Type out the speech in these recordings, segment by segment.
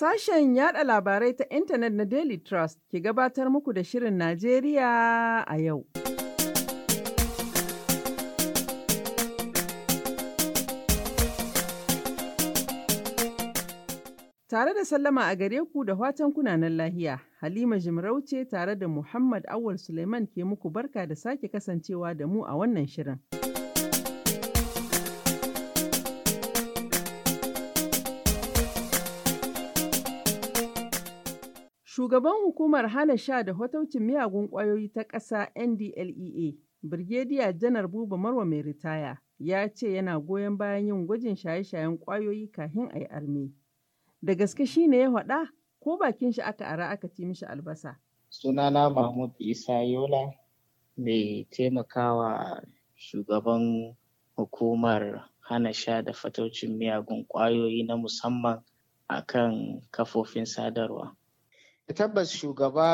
Sashen yada labarai ta intanet na Daily Trust ke gabatar muku da Shirin Najeriya a yau. Tare da sallama a gare ku da watan kunanan lahiya, Halima Jimarauce tare da Muhammad Awal Suleiman ke muku barka da sake kasancewa da mu a wannan shirin. Shugaban Hukumar Hana Sha da Fataucin Miyagun ƙwayoyi ta ƙasa NDLEA, Birgediya Janar Buba Marwa mai ritaya, ya ce yana goyon bayan yin gwajin shaye-shayen ƙwayoyi kafin a yi arme. Da gaske shi ne ya faɗa ko bakin shi aka ara aka ci mishi albasa. Sunana Mahmud Isa Yola mai taimakawa shugaban hukumar hana sha da fataucin miyagun ƙwayoyi na musamman akan kafofin sadarwa. Eh, tabbas shugaba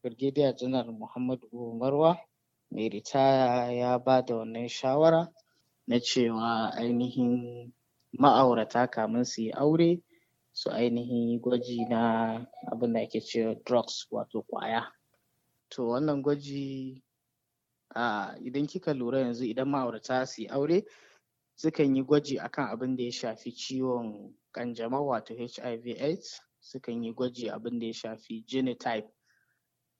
Birgediya Janar Muhammadu Umarwa mai ritaya ya ba da wannan shawara na cewa ainihin ma'aurata kamun su yi aure su ainihin gwaji na abin da ake cewa drugs wato kwaya. To wannan gwaji idan kika lura yanzu idan ma'aurata su yi aure sukan yi gwaji akan abin da ya shafi ciwon kanjamau wato HIV/AIDS sukan yi gwaji abin da ya shafi genotype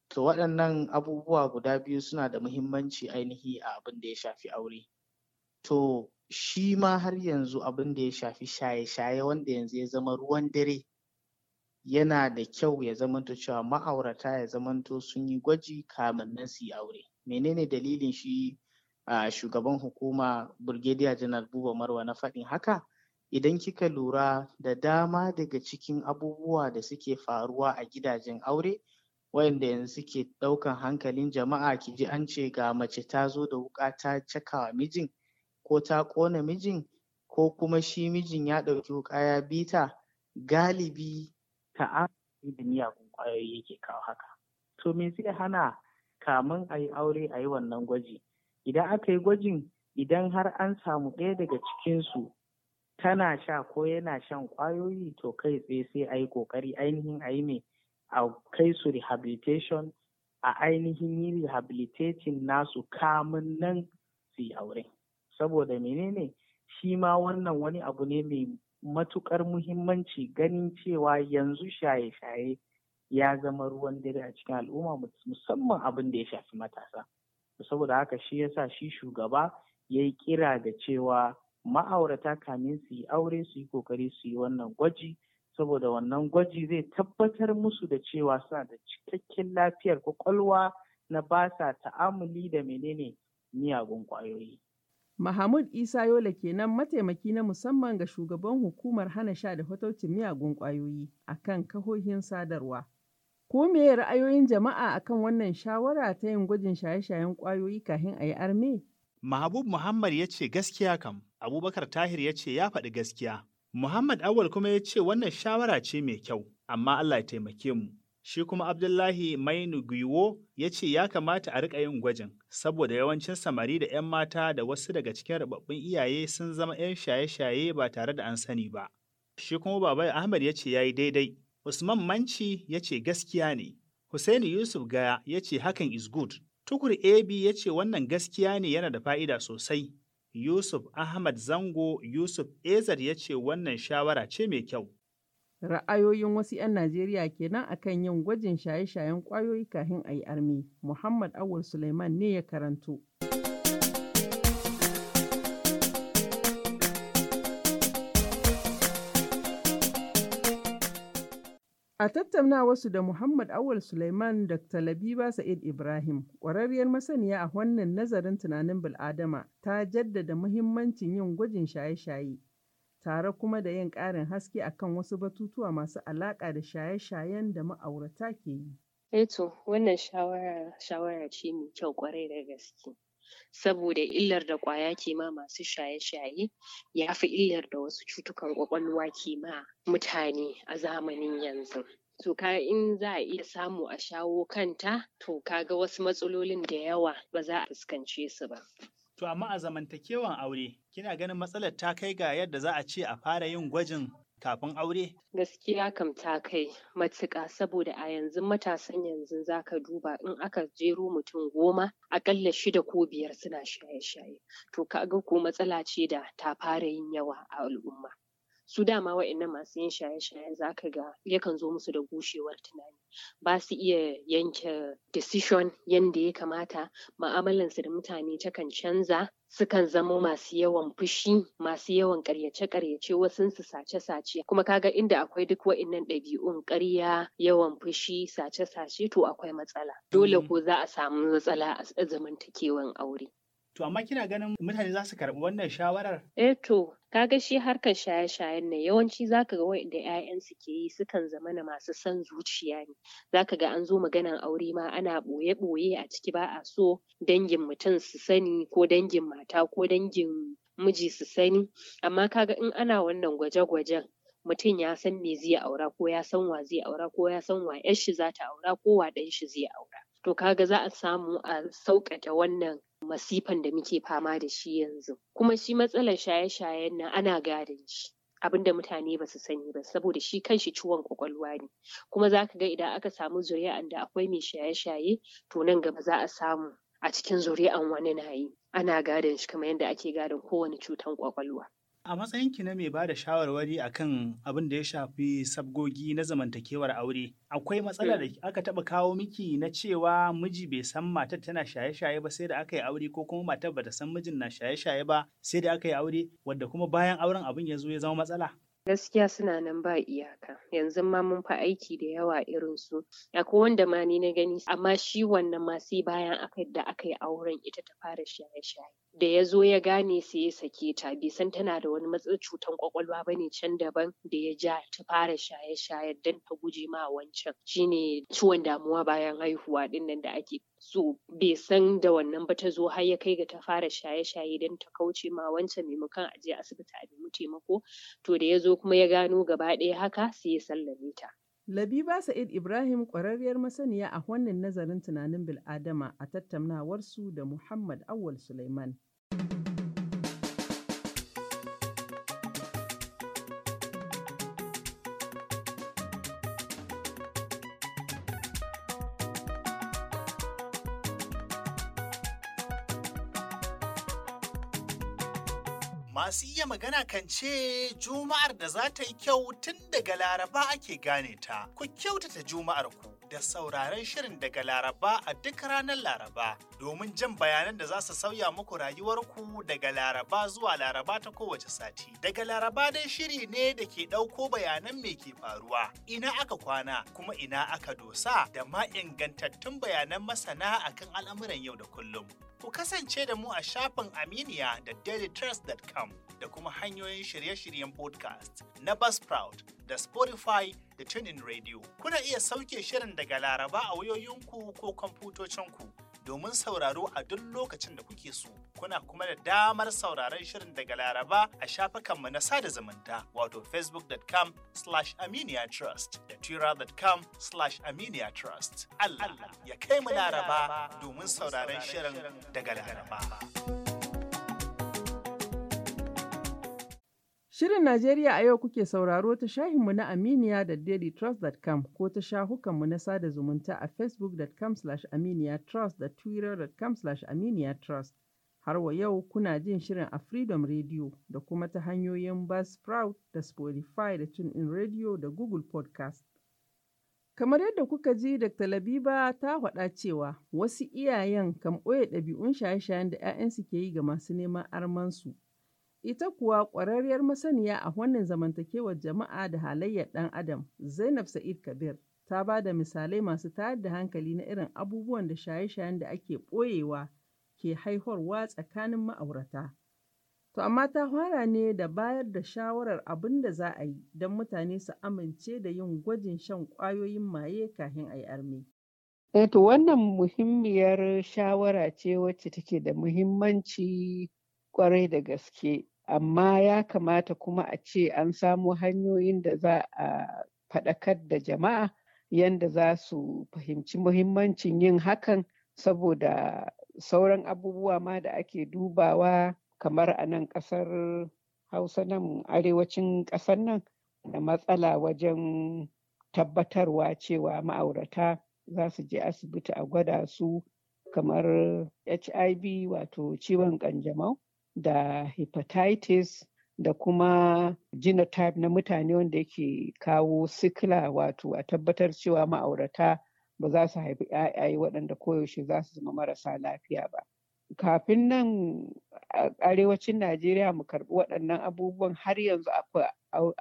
to waɗannan abubuwa guda biyu suna da muhimmanci ainihi a abin da ya shafi aure to shi ma har yanzu abin da ya shafi shaye-shaye wanda yanzu ya zama ruwan dare yana da kyau ya zamanto cewa ma'aurata ya zamanto sun yi gwaji kamin nan su yi aure menene dalilin shi a ah, shugaban hukuma Birgediya janar buba marwa na faɗin haka Idan kika lura da dama daga cikin abubuwa da suke faruwa a gidajen aure wayanda yanzu suke ɗaukan hankalin jama'a ki ji an ce ga mace ta zo da wuƙa ta cakawa mijin ko ta ƙona mijin ko kuma shi mijin ya ɗauki wuƙa ya bi ta galibi ta'amuli da miyagun ƙwayoyi yake kawo haka. To me zai hana kamin a yi aure a yi wannan gwaji? Idan aka yi gwajin idan har an samu ɗaya daga cikinsu tana sha ko yana shan kwayoyi to kai tsaye sai a yi kokari ainihin a yi mai a kai su rehabilitation a ainihin yi rehabilitating nasu kamun nan su yi aure saboda menene shi ma wannan wani abu ne mai matukar muhimmanci ganin cewa yanzu shaye-shaye ya zama ruwan dare a cikin al'umma musamman abin da ya shafi matasa saboda haka shi yasa shi shugaba ya yi kira da cewa ma'aurata kamin su yi aure su yi kokari su yi wannan gwaji saboda wannan gwaji zai tabbatar musu da cewa suna da cikakken lafiyar kwakwalwa na ba sa ta'amuli da menene miyagun kwayoyi. Mahmud Isa Yola kenan mataimaki na musamman ga shugaban hukumar hana sha da fataucin miyagun kwayoyi akan kahohin sadarwa. Ko me ra'ayoyin jama'a akan wannan shawara ta yin gwajin shaye-shayen kwayoyi kafin a yi arme? Mahabub Muhammad ya ce gaskiya kam, Abubakar Tahir ya ce ya faɗi gaskiya. Muhammad Awal kuma ya ce wannan shawara ce mai kyau, amma Allah ya taimake mu. Shi kuma Abdullahi Mainu Guiwo ya ce ya kamata a riƙa yin gwajin, saboda yawancin samari da 'yan mata da wasu daga cikin rababbin iyaye sun zama 'yan shaye-shaye ba tare da an sani ba. Shi kuma Babai Ahmad ya ce ya yi daidai. Usman Manci ya ce gaskiya ne. Hussaini Yusuf Gaya ya ce hakan is good. Tukur AB ya ce wannan gaskiya ne yana da fa'ida sosai. Yusuf Ahmad Zango Yusuf Ezar ya ce wannan shawara ce mai kyau. Ra'ayoyin wasu 'yan Najeriya kenan akan yin gwajin shaye-shayen ƙwayoyi kafin a yi armi. Muhammad Awul Suleiman ne ya karanto. A tattauna wasu da Muhammad Awal Suleiman, da Talabiba Sa'id Ibrahim, ƙwararriyar masaniya a wannan nazarin tunanin bil'adama, ta jaddada muhimmancin yin gwajin shaye-shaye, tare kuma da yin ƙarin haske akan wasu batutuwa masu alaƙa da shaye-shayen da ma'aurata ke yi. Eh wannan shawara, shawara ce mai kyau ƙwarai da gaske. saboda illar da kwaya ke ma masu shaye-shaye ya fi illar da wasu cutukan kwakwalwa ke ma mutane a zamanin yanzu. to ka in za a iya samu a shawo kanta to kaga wasu matsalolin da yawa ba za a fuskance su ba. To amma a zamantakewan aure kina ganin matsalar ta kai ga yadda za a ce a fara yin gwajin kafin aure? Gaskiya kam ta kai matuƙa saboda a yanzu matasan yanzu za ka duba in aka jero mutum goma akalla shida ko biyar suna shaye-shaye. To kaga ko matsala ce da ta fara yin yawa a al'umma. su dama wa'annan masu yin shaye za ka ga yakan zo musu da gushewar tunani ba su iya yanke decision yadda ya kamata ma'amalansu da mutane takan canza sukan zama masu yawan fushi masu yawan karyace-karyace wasunsu su sace-sace kuma kaga inda akwai duk wa'innan ɗabi'un ƙarya yawan fushi sace-sace to akwai matsala dole mm. ko za a samu matsala a zamantakewan aure To amma kina ganin mutane za su karɓi wannan shawarar? Eh to, kaga shi harkar shaye-shayen nan yawanci zaka ga waɗanda su ke yi sukan zama na masu son zuciya ne. Zaka ga an zo maganan aure ma ana ɓoye-ɓoye a ciki ba a so dangin mutum su sani ko dangin mata ko dangin miji su sani. Amma kaga in ana wannan gwaje-gwajen mutum ya san me zai aura ko ya san wa zai aura ko ya san wa 'yar shi za ta aura ko wa ɗan shi zai aura. To kaga za a samu a sauƙaƙe wannan masifan da muke fama da shi yanzu kuma shi matsalar shaye-shayen nan ana gadon shi abin da mutane ba su sani ba saboda shi kanshi ciwon kwakwalwa ne kuma za ka ga idan aka samu zuri'an da akwai mai shaye-shaye to nan gaba za a samu a cikin zuri'an wani na yi ana gadon shi kamar yadda ake gadon kowane cutan kwakwalwa A matsayinki na mai ba da shawarwari a kan abin da ya shafi sabgogi na zamantakewar aure, akwai matsala da eh. aka taɓa kawo miki na cewa miji bai san matar tana shaye-shaye ba sai da aka yi aure ko kuma matar bata san mijin na shaye-shaye ba sai da aka yi aure wadda kuma bayan auren abin ya zo ya zama matsala? Gaskiya suna nan ba iyaka. Yanzu ma mun fi aiki da yawa irin su. Akwai wanda ma ni na gani amma shi wannan ma sai bayan aka da aka yi auren ita ta fara shaye-shaye. Da ya zo ya gane sai ya sake ta bai san tana da wani matsalar cutar kwakwalwa ba ne can daban da ya ja ta fara shaye-shaye don ta guje ma wancan. Shine ciwon damuwa bayan haihuwa ɗin nan da ake su bai san da wannan ba ta zo har ya kai ga ta fara shaye-shaye don ta kauce ma wancan maimakon a je asibiti a nemi taimako to da ya zo kuma ya gano gaba ɗaya haka sai ya sallame ta. Labiba Sa'id Ibrahim ƙwararriyar masaniya a wannan nazarin tunanin bil'adama a tattaunawarsu da Muhammad Awal Suleiman. masu iya magana kan ce Juma'ar da za ta yi kyau tun daga Laraba ake gane ta. Ku kyautata Juma'ar ku da sauraron shirin daga Laraba a duk ranar Laraba domin jin bayanan da za su sauya muku rayuwarku daga Laraba zuwa Laraba ta kowace sati. Daga Laraba dai shiri ne da ke ɗauko bayanan me ke faruwa, ina aka kwana kuma ina aka dosa da ma ingantattun bayanan masana akan al'amuran yau da kullum. ku kasance da mu a shafin Aminiya da dailytrust.com da kuma hanyoyin shirye-shiryen podcast na Buzzsprout da Spotify da TuneIn Radio. Kuna iya sauke shirin daga Laraba a wayoyinku ko kwamfutocinku domin sauraro a duk lokacin da kuke so. Kuna kuma da damar sauraron shirin daga Laraba a shafukanmu na sada zumunta wato facebook.com slash trust da twitter.com slash trust. Allah ya kai mu Laraba domin sauraron shirin daga Laraba. Shirin Najeriya a yau kuke sauraro ta shahinmu na Aminiya da dailytrust.com ko ta shahukanmu na sada zumunta a facebook.com aminiyatrust da twittercom aminiyatrust. Har wa yau kuna jin shirin a Freedom Radio da kuma ta hanyoyin Buzzsprout da Spotify da TuneIn Radio da Google Podcast. Kamar yadda kuka ji Dr. Labiba ta faɗa cewa wasu iyayen kan ɓoye ɗabi'un shaye-shayen da 'ya'yansu ke yi ga masu neman armansu Ita kuwa ƙwararriyar masaniya a fannin zamantakewar jama'a da halayyar ɗan adam, Zainab Sa'id Kabir, ta ba da misalai masu tayar da hankali na irin abubuwan da shaye-shayen da ake ɓoyewa ke haifarwa tsakanin ma'aurata. To amma ta fara ne da bayar da shawarar abin da za a yi don mutane su amince da yin gwajin shan ƙwayoyin maye kafin a yi arme. Eh to wannan muhimmiyar shawara ce wacce take da muhimmanci ƙwarai da gaske amma ya kamata kuma a ce an samo hanyoyin da za a faɗakar da jama'a yadda za su fahimci muhimmancin yin hakan saboda sauran abubuwa ma da ake dubawa kamar a nan ƙasar hausa nan arewacin ƙasar nan da matsala wajen tabbatarwa cewa ma'aurata za su je asibiti a gwada su kamar hiv wato ciwon ƙanjamau da hepatitis da kuma genotype na mutane wanda yake kawo sikila wato a tabbatar cewa ma'aurata ba za su haifi 'ya'yaye waɗanda koyaushe za su zama marasa lafiya ba. Kafin nan arewacin Najeriya mu karɓi waɗannan abubuwan har yanzu akwai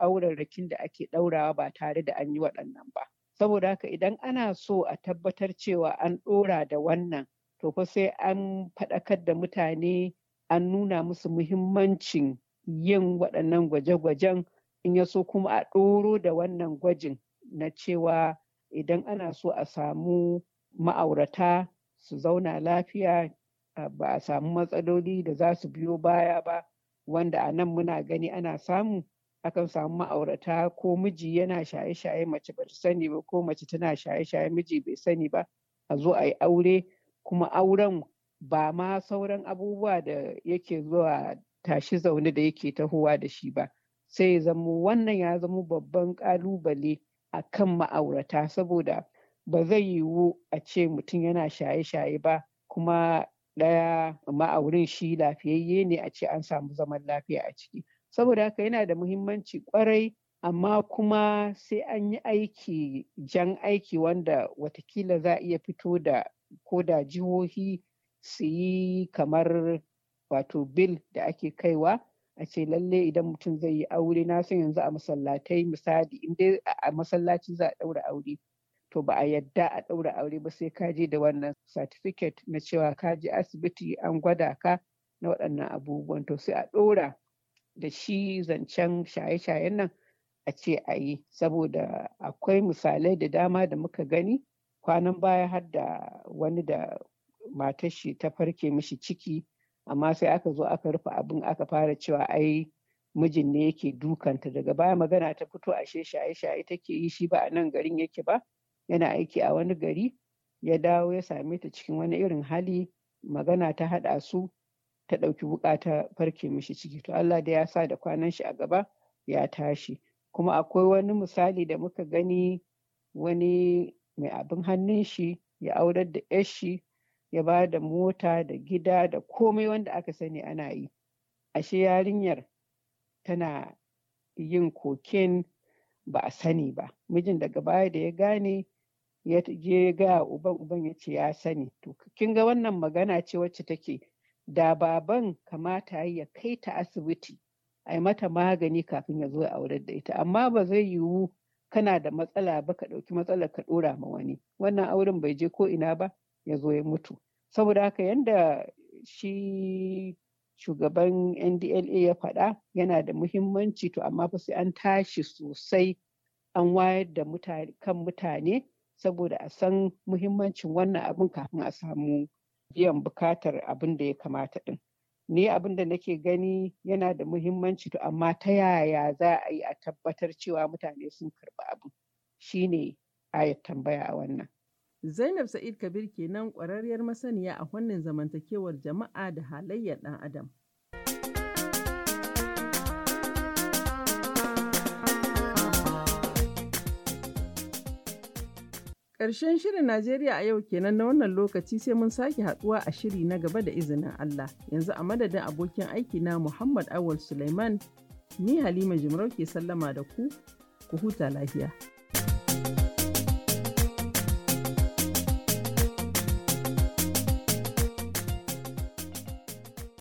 aurarrakin da ake ɗaurawa ba tare da an yi waɗannan ba. Saboda haka idan ana so a tabbatar cewa an ɗora da wannan to fa sai an faɗakar da mutane an nuna musu muhimmancin yin waɗannan gwaje-gwajen in ya so kuma a ɗoro da wannan gwajin na cewa idan ana so a samu ma'aurata su zauna lafiya ba a samu matsaloli da za su biyo baya ba wanda a nan muna gani ana samu akan samu ma'aurata ko miji yana shaye-shaye mace ba ta sani ba ko mace tana shaye-shaye miji bai sani ba a zo a yi aure kuma auren ba ma sauran abubuwa da yake zuwa tashi zaune da yake tahowa da shi ba sai ya wannan ya zamo babban kalubale a kan ma'aurata saboda ba zai yiwu a ce mutum yana shaye-shaye ba kuma ɗaya ma'aurin shi lafiyayye ne a ce an samu zaman lafiya a ciki saboda haka yana da muhimmanci kwarai amma kuma sai an yi aiki jan aiki wanda watakila za a iya fito da ko da jihohi su yi kamar wato bil da ake kaiwa a ce lalle idan mutum zai yi aure na san yanzu a masallatai misali in dai a masallaci za a ɗaura aure to ba a yadda a ɗaura aure ba sai ka je da wannan certificate na cewa ka je asibiti an gwada ka na waɗannan abubuwan to sai a ɗora da shi zancen shaye-shayen nan a ce a yi saboda akwai misalai da dama da muka gani kwanan baya har da wani da matar shi ta farke mishi ciki amma sai aka zo aka rufe abin aka fara cewa ai mijin ne yake dukanta daga baya magana ta fito ashe shaye-shaye take yi shi ba a nan garin yake ba yana aiki a wani gari ya dawo ya same ta cikin wani irin hali magana ta haɗa su ta ɗauki wuƙa ta farke mishi ciki to Allah da ya sa da kwanan shi a gaba ya tashi kuma akwai wani misali da muka gani wani mai abin hannun shi ya aurar da 'yar shi ya ba da mota da gida da komai wanda aka sani ana yi ashe yarinyar tana yin koken ba a sani ba mijin daga baya da ya gane ya je ga uban uban ya ce ya sani to kin ga wannan magana ce wacce take da baban kamata ya kai ta asibiti a yi mata magani kafin ya zo ya aurar da ita amma ba zai yiwu kana da matsala ba ka ɗauki matsalar ka ɗora ma wani wannan auren bai je ko ina ba ya zo ya mutu saboda haka yadda shi shugaban ndla ya faɗa yana da muhimmanci to amma fa sai an tashi sosai an wayar da kan mutane saboda a san muhimmancin wannan abin kafin a samu biyan bukatar abin da ya kamata din ni abin da nake gani yana da muhimmanci to amma ta yaya za a yi a tabbatar cewa mutane sun karɓi abin shine ayat tambaya a wannan Zainab Sa'id Kabir kenan ƙwararriyar masaniya a fannin zamantakewar jama'a da halayyar ɗan adam. Ƙarshen shirin Najeriya a yau kenan na wannan lokaci sai mun sake haɗuwa a shiri na gaba da izinin Allah. Yanzu a madadin abokin aiki na Muhammad Awal Suleiman, ni Halima Jimarau ke sallama da ku, ku huta lafiya.